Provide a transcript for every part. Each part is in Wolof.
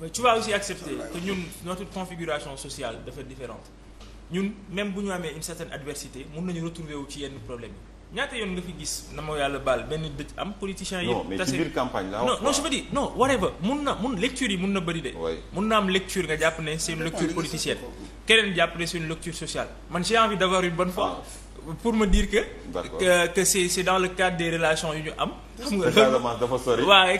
mais tu vas aussi accepter que ñun notre configuration sociale dafa différente ñun même bu ñu amee une certaine adversité mun nañu retrouver wu ci yenn problème yi ñaata yoon nga fi gis na ma yàlla baal benn dëj am politicien yi. non mais ci biir campagne la non whatever mun na mun lecture yi mun na bëri de. mun na am lecture nga jàpp ne c'est une lecture politicienne. keneen jàpp ne c'est une lecture sociale man j'ai envie d'avoir une bonne foi. Ah. pour me dire que. que que c'est c'est dans le cadre des relations yu ñu am. xam nga dafa sori. waaw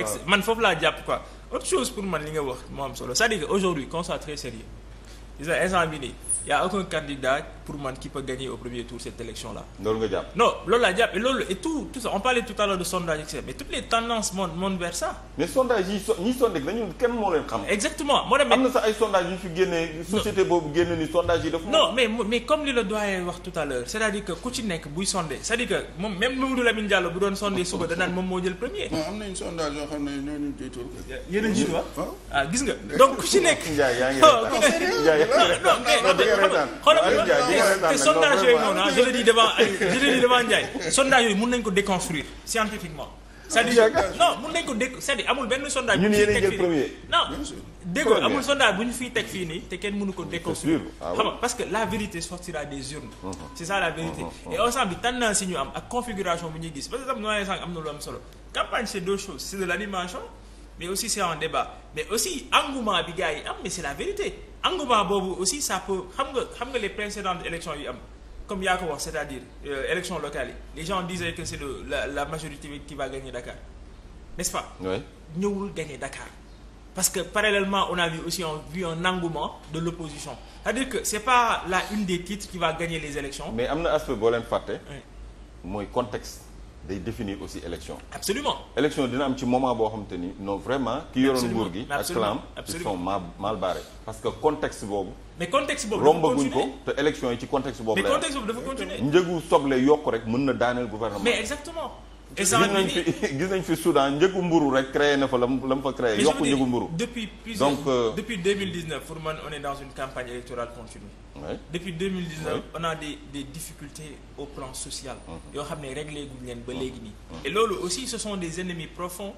et man foofu laa jàpp quoi autre chose pour man li nga wax moo am solo c'est-à-dire que aujourd'hui constat gis nga instant bi nii y' aucun candidat pour man qui peut gagner au premier tour cette élection là. loolu nga jàpp non loolu laa jàpp et loolu tout tout on parlait tout à l'heure de sondage etc mais toutes les tendances montent montent vers mais sondage yi so ñi sondé dañu kenn moo leen xam. exactement moo demee am na sax ay sondage yu fi génnee. société boobu génne ni sondage yi daf. non mais mais comme li la doyen wax tout à l'heure c'est à dire que ku ci nekk te sondage yooyu noonu ah je le dis devant je le dis devant Ndiaye sondage yooyu mën nañ ko déconstruire scientifiquement c'est-à-dire non mën nañ ko dé c'est-à-dire amul benn sondage bu ñu fiy teg fii non dégg amul sondage bu ñu fiy teg fii nii te kenn mënu ko déconstruire xam nga parce que la vérité sortira des urnes c'est ça la vérité et ensemble tendance yi ñu am ak configuration bu ñuy gis parce que tam noonu sànq am na lu am solo campagne c'est deux choses c'est de l'animation mais aussi c'est un débat mais aussi engouement bi gars yi am mais c'est la vérité engouement boobu aussi ça peut xam nga xam nga les précédentes élections yi am comme yaa ko wax c'est-à-dire euh, élections locales yi les gens disaient que c'est la majorité qui va gagner Dakar n'est-ce pas. ñëwul gagner Dakar. parce que parallèlement on a vu aussi on vu un engouement de l'opposition c'est-à-dire que c'est pas la une des titres qui va gagner les élections mais am na aspect boo leen fàtte. mooy contexte. day définir aussi élection. absolument élection dina am ci moment boo xam te ni no vraiment. ki yoroon nguur gi ak clam ils sont mal mal barrés. parce que contexte boobu. mais contexte boobu rombaguñ ko te élection yi ci contexte boobu. mais contexte boobu dafa continuer njëgu soble yokk rek mën na daaneel gouvernement. mais exactement. essence bi gis nañ fi gis nañ fi Soudan njëgu mburu rek créé na fa la mu fa créé. yokku njëgu mburu depuis plusieurs donc euh... depuis 2019 pour man on est dans une campagne électorale continue. Oui. depuis 2019 oui. on a des difficultés au plan social. Mhm. yoo xam ne réglé guñ leen ba mhm. léegi nii. Mhm. et loolu aussi ce sont des ennemis profonds.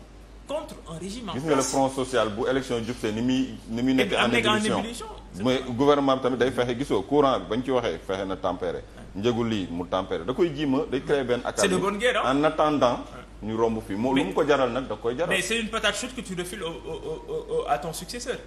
contre gis nga le front social bu élection jub see ni muy ni muy nekk en ébullition mais gouvernement bi tamit day fexe gisoo courant bi bañ ci waxee fexe na tempéré njëgu lii mu tempéré da koy jiima day créer benn académie c'est de bonne en attendant ñu romb fii moo lu mu ko jaral nag da koy jaral mais c'est une patate chaude que tu refiles à ton successeur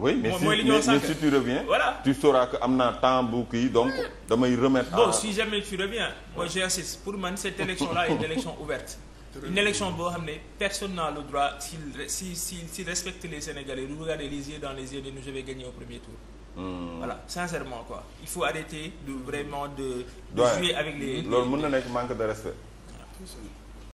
mais si, mais, mais si tu reviens voilà. tu sauras que am naa temps bu kii donc damay remettre bon à... si jamais tu reviens moi j'insiste pour man cette élection là est une élection boo xam ne personne n'a le droit s'il si si si respecte les Sénégalais de dans les yeux de nous je vais gagner au premier tour Hmm. Voilà sincèrement il faut arrêter de vraiment de, de jouer avec les loolu mën na nekk manque de respect